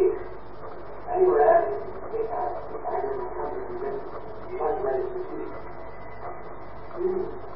believe anywhere else they have the agriculture and one way to see. Mm.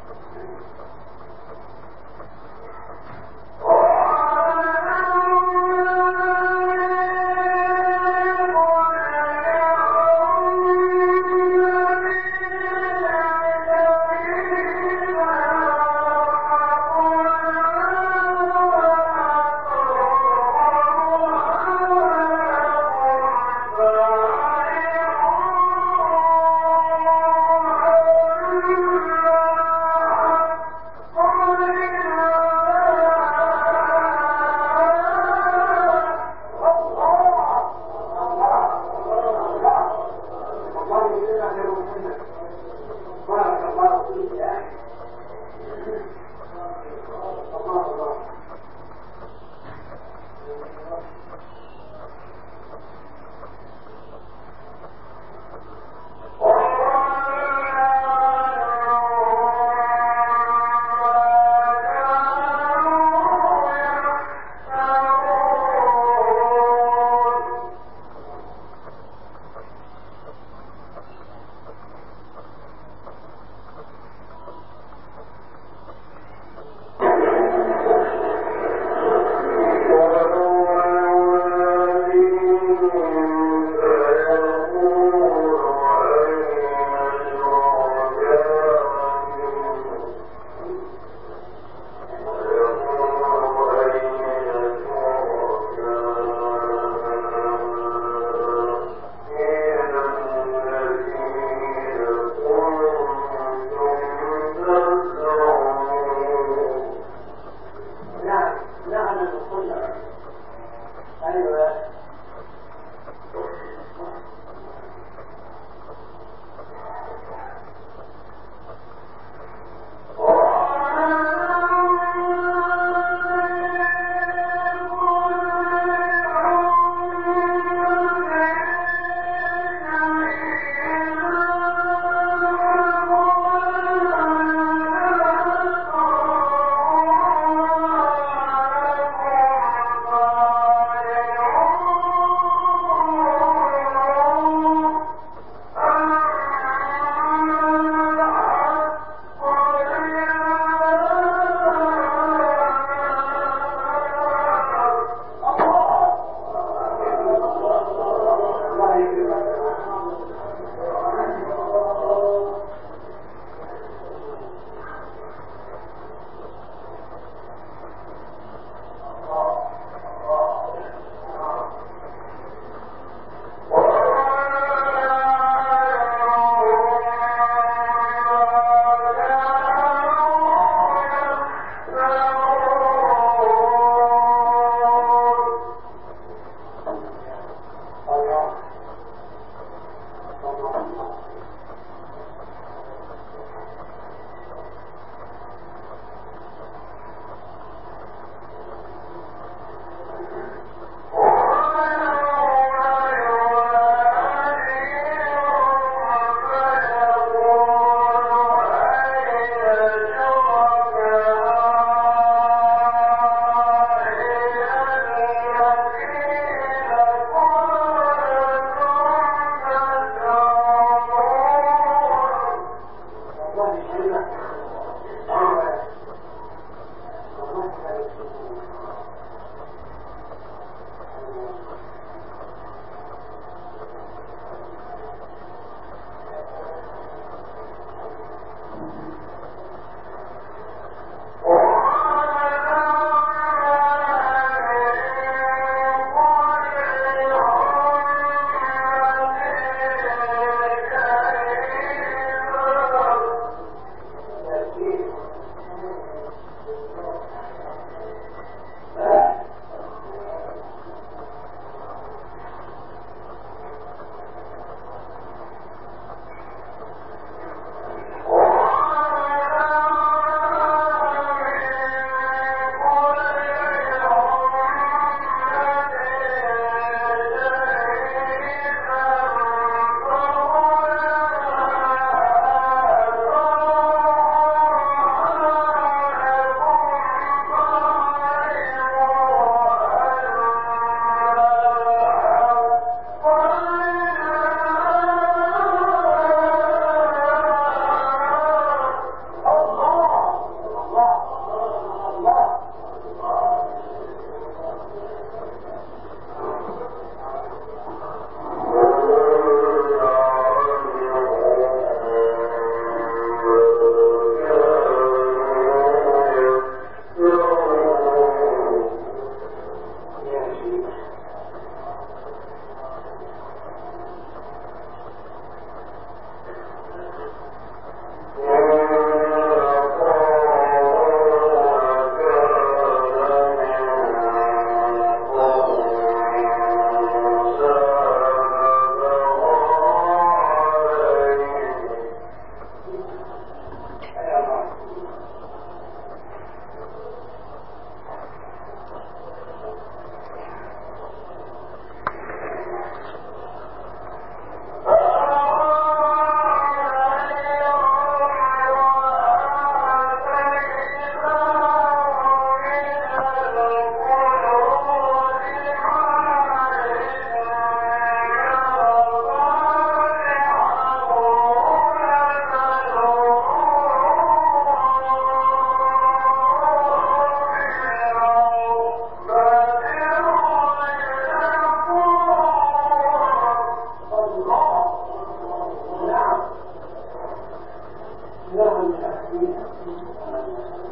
あれ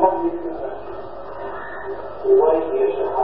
Thank you.